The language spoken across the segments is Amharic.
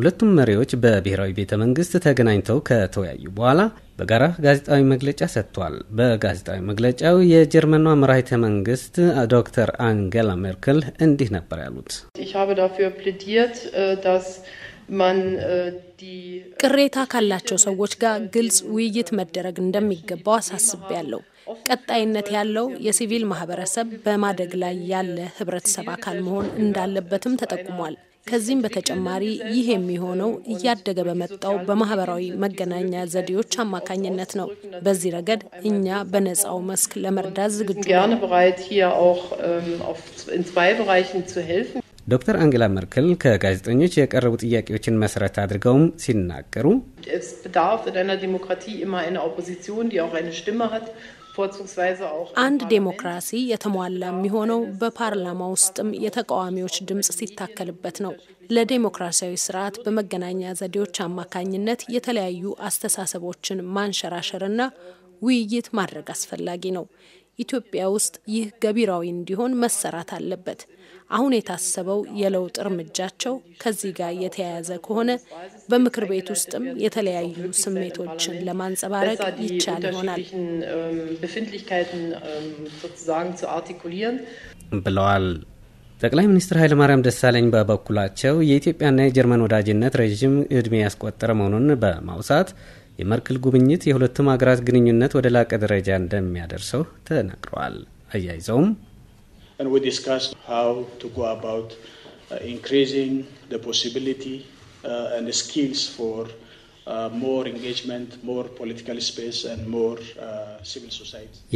ሁለቱም መሪዎች በብሔራዊ ቤተ መንግስት ተገናኝተው ከተወያዩ በኋላ በጋራ ጋዜጣዊ መግለጫ ሰጥቷል። በጋዜጣዊ መግለጫው የጀርመኗ መራሂተ መንግስት ዶክተር አንጌላ ሜርክል እንዲህ ነበር ያሉት። äh, äh, ቅሬታ ካላቸው ሰዎች ጋር ግልጽ ውይይት መደረግ እንደሚገባው አሳስቤያለሁ። ቀጣይነት ያለው የሲቪል ማህበረሰብ በማደግ ላይ ያለ ህብረተሰብ አካል መሆን እንዳለበትም ተጠቁሟል። ከዚህም በተጨማሪ ይህ የሚሆነው እያደገ በመጣው በማህበራዊ መገናኛ ዘዴዎች አማካኝነት ነው። በዚህ ረገድ እኛ በነፃው መስክ ለመርዳት ዝግጁ ነው። ዶክተር አንግላ መርክል ከጋዜጠኞች የቀረቡ ጥያቄዎችን መሰረት አድርገውም ሲናገሩ አንድ ዴሞክራሲ የተሟላ የሚሆነው በፓርላማ ውስጥም የተቃዋሚዎች ድምፅ ሲታከልበት ነው። ለዴሞክራሲያዊ ስርዓት በመገናኛ ዘዴዎች አማካኝነት የተለያዩ አስተሳሰቦችን ማንሸራሸርና ውይይት ማድረግ አስፈላጊ ነው። ኢትዮጵያ ውስጥ ይህ ገቢራዊ እንዲሆን መሰራት አለበት። አሁን የታሰበው የለውጥ እርምጃቸው ከዚህ ጋር የተያያዘ ከሆነ በምክር ቤት ውስጥም የተለያዩ ስሜቶችን ለማንጸባረቅ ይቻል ይሆናል ብለዋል። ጠቅላይ ሚኒስትር ኃይለማርያም ደሳለኝ በበኩላቸው የኢትዮጵያና የጀርመን ወዳጅነት ረዥም እድሜ ያስቆጠረ መሆኑን በማውሳት የመርክል ጉብኝት የሁለቱም ሀገራት ግንኙነት ወደ ላቀ ደረጃ እንደሚያደርሰው ተነግረዋል። አያይዘውም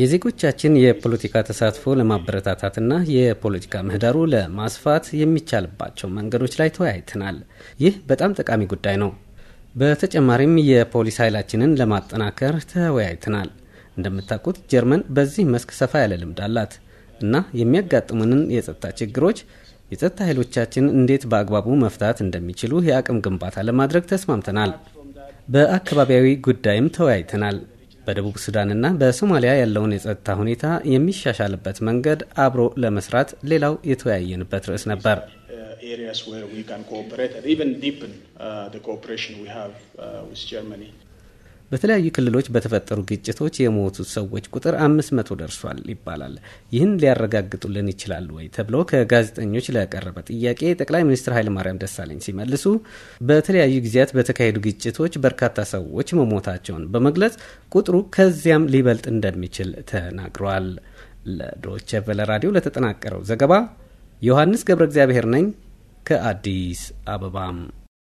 የዜጎቻችን የፖለቲካ ተሳትፎ ለማበረታታትና የፖለቲካ ምህዳሩ ለማስፋት የሚቻልባቸው መንገዶች ላይ ተወያይተናል። ይህ በጣም ጠቃሚ ጉዳይ ነው። በተጨማሪም የፖሊስ ኃይላችንን ለማጠናከር ተወያይተናል። እንደምታውቁት ጀርመን በዚህ መስክ ሰፋ ያለ ልምድ አላት እና የሚያጋጥሙንን የጸጥታ ችግሮች የጸጥታ ኃይሎቻችን እንዴት በአግባቡ መፍታት እንደሚችሉ የአቅም ግንባታ ለማድረግ ተስማምተናል። በአካባቢያዊ ጉዳይም ተወያይተናል። በደቡብ ሱዳንና በሶማሊያ ያለውን የጸጥታ ሁኔታ የሚሻሻልበት መንገድ አብሮ ለመስራት ሌላው የተወያየንበት ርዕስ ነበር። areas where we can cooperate and even deepen uh, the cooperation we have uh, with Germany. በተለያዩ ክልሎች በተፈጠሩ ግጭቶች የሞቱት ሰዎች ቁጥር አምስት መቶ ደርሷል ይባላል። ይህን ሊያረጋግጡልን ይችላሉ ወይ ተብሎ ከጋዜጠኞች ለቀረበ ጥያቄ ጠቅላይ ሚኒስትር ኃይለማርያም ደሳለኝ ሲመልሱ በተለያዩ ጊዜያት በተካሄዱ ግጭቶች በርካታ ሰዎች መሞታቸውን በመግለጽ ቁጥሩ ከዚያም ሊበልጥ እንደሚችል ተናግሯል። ለዶቸ ቨለ ራዲዮ ለተጠናቀረው ዘገባ ዮሐንስ ገብረ እግዚአብሔር ነኝ። ከአዲስ አበባም